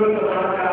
lọ́dọ̀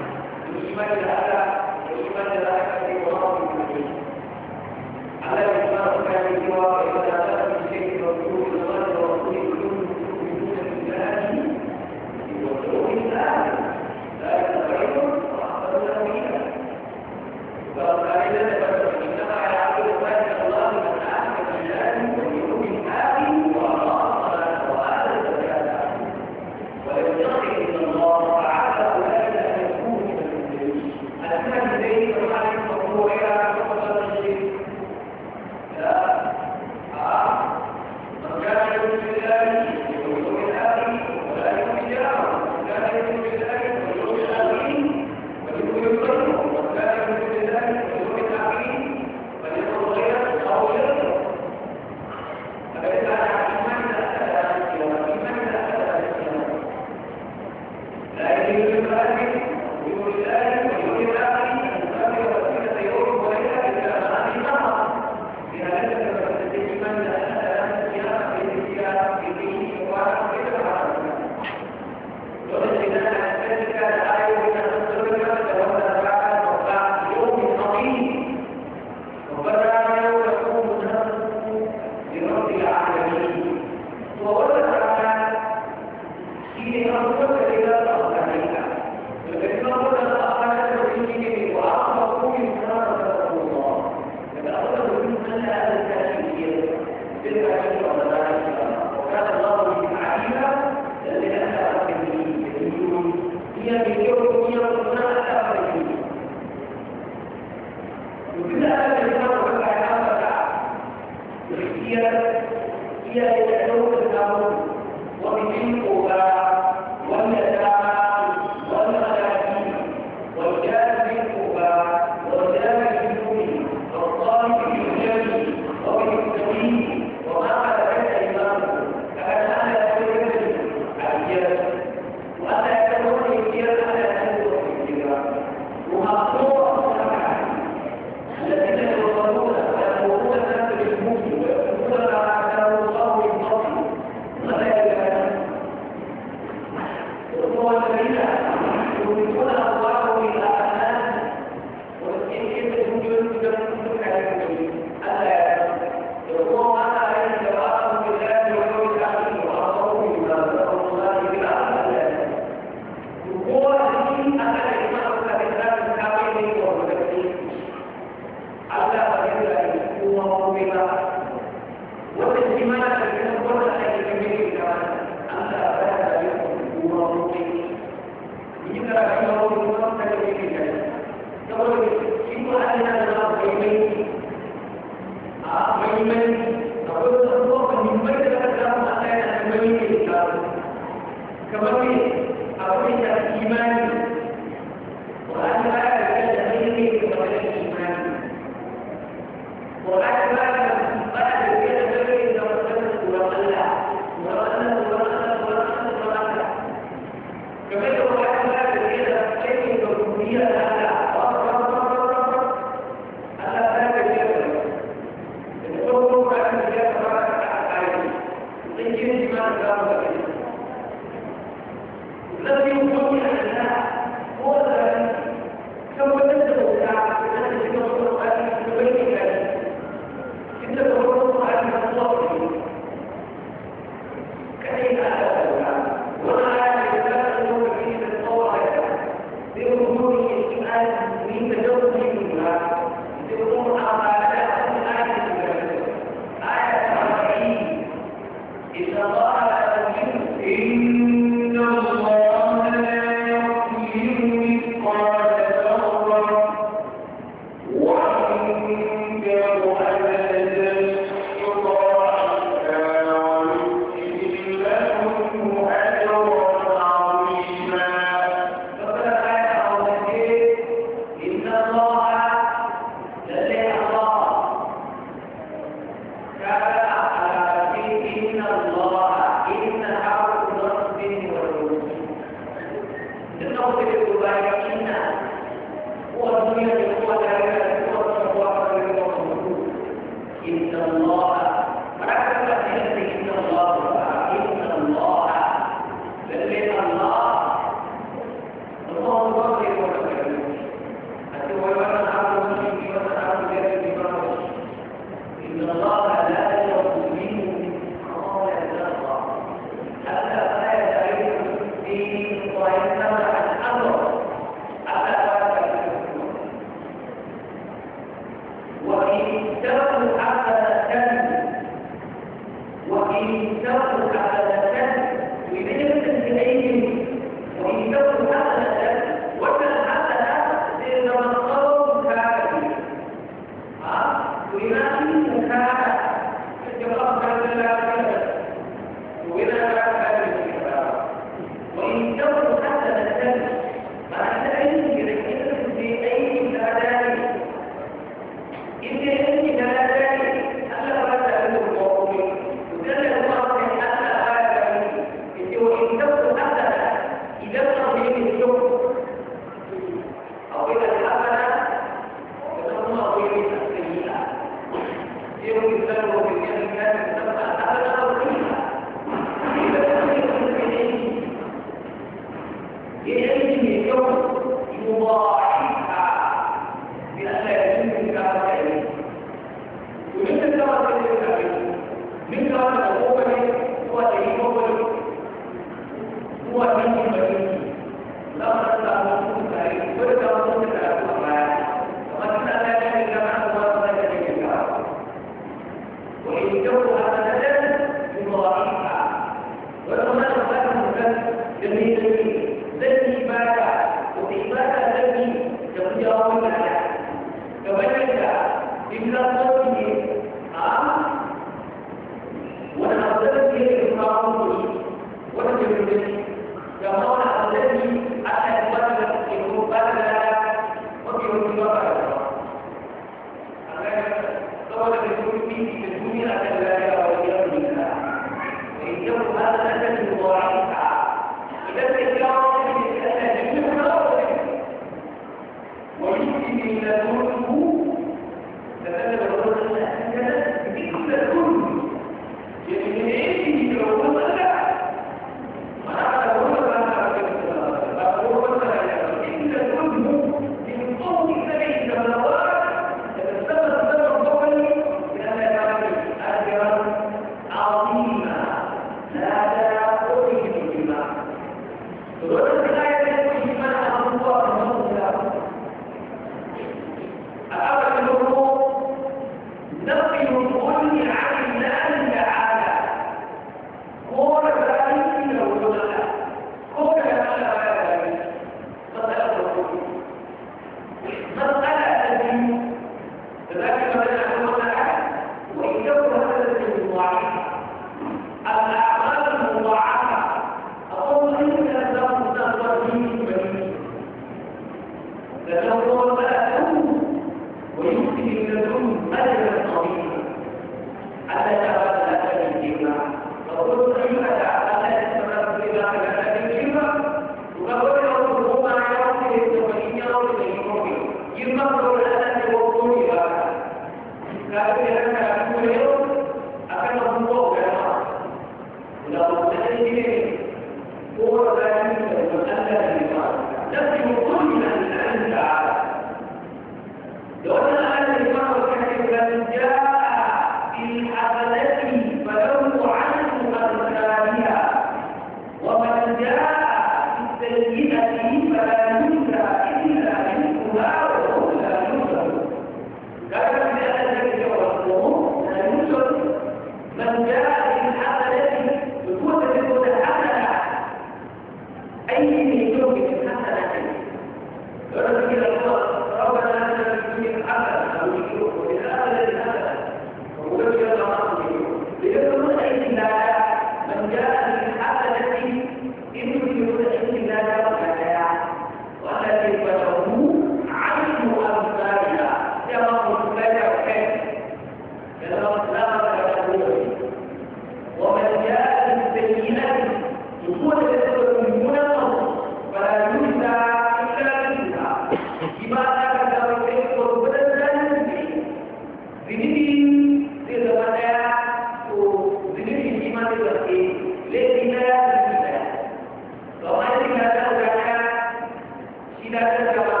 Gracias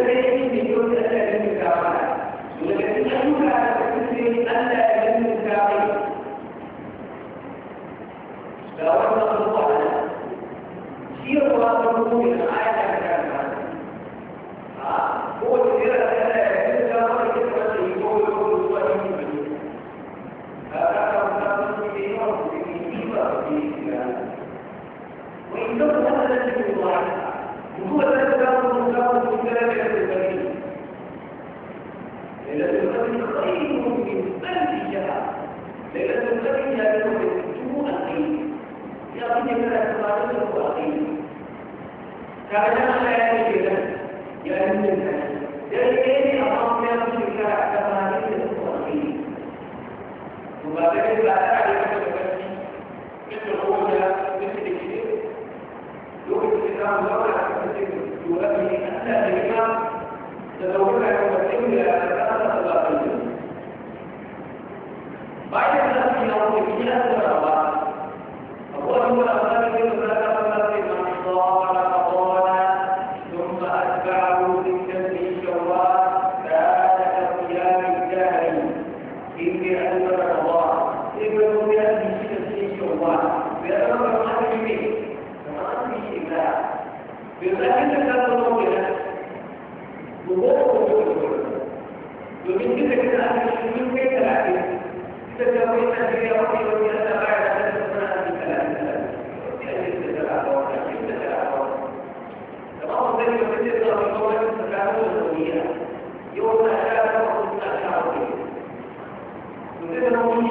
Pero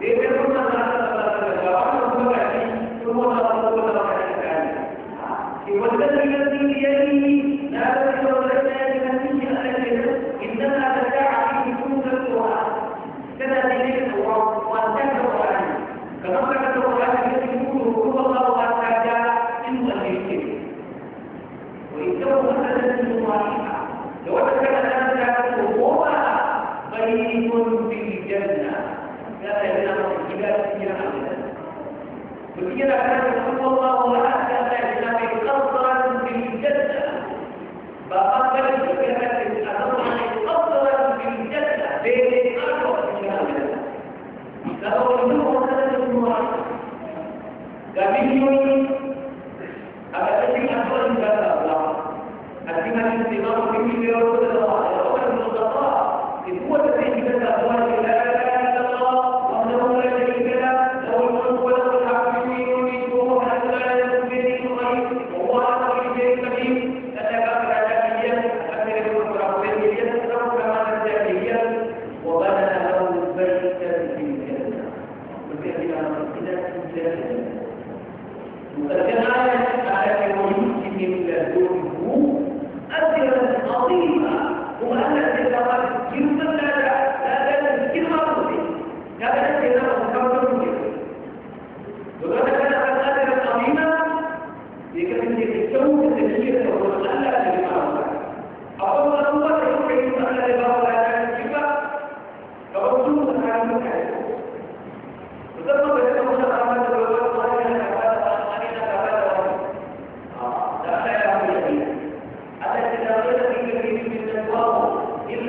Ele é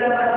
إذا